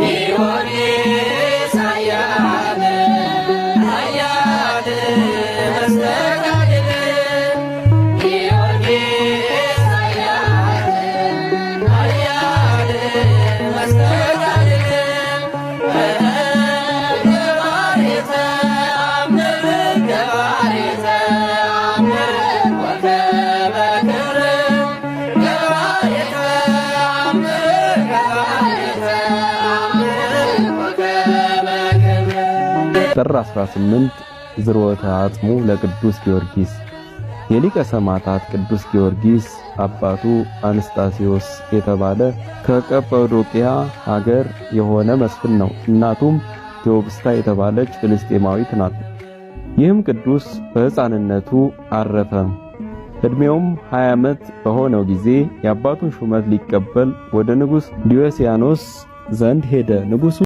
Yeah. ጥር 18 ዝርወተ አጽሙ ለቅዱስ ጊዮርጊስ የሊቀ ሰማዕታት ቅዱስ ጊዮርጊስ አባቱ አንስታሲዮስ የተባለ ከቀጳዶቅያ ሀገር የሆነ መስፍን ነው። እናቱም ቴዎብስታ የተባለች ፍልስጤማዊት ናት። ይህም ቅዱስ በሕፃንነቱ አረፈ። ዕድሜውም 20 ዓመት በሆነው ጊዜ የአባቱን ሹመት ሊቀበል ወደ ንጉሥ ዲዮስያኖስ ዘንድ ሄደ። ንጉሡ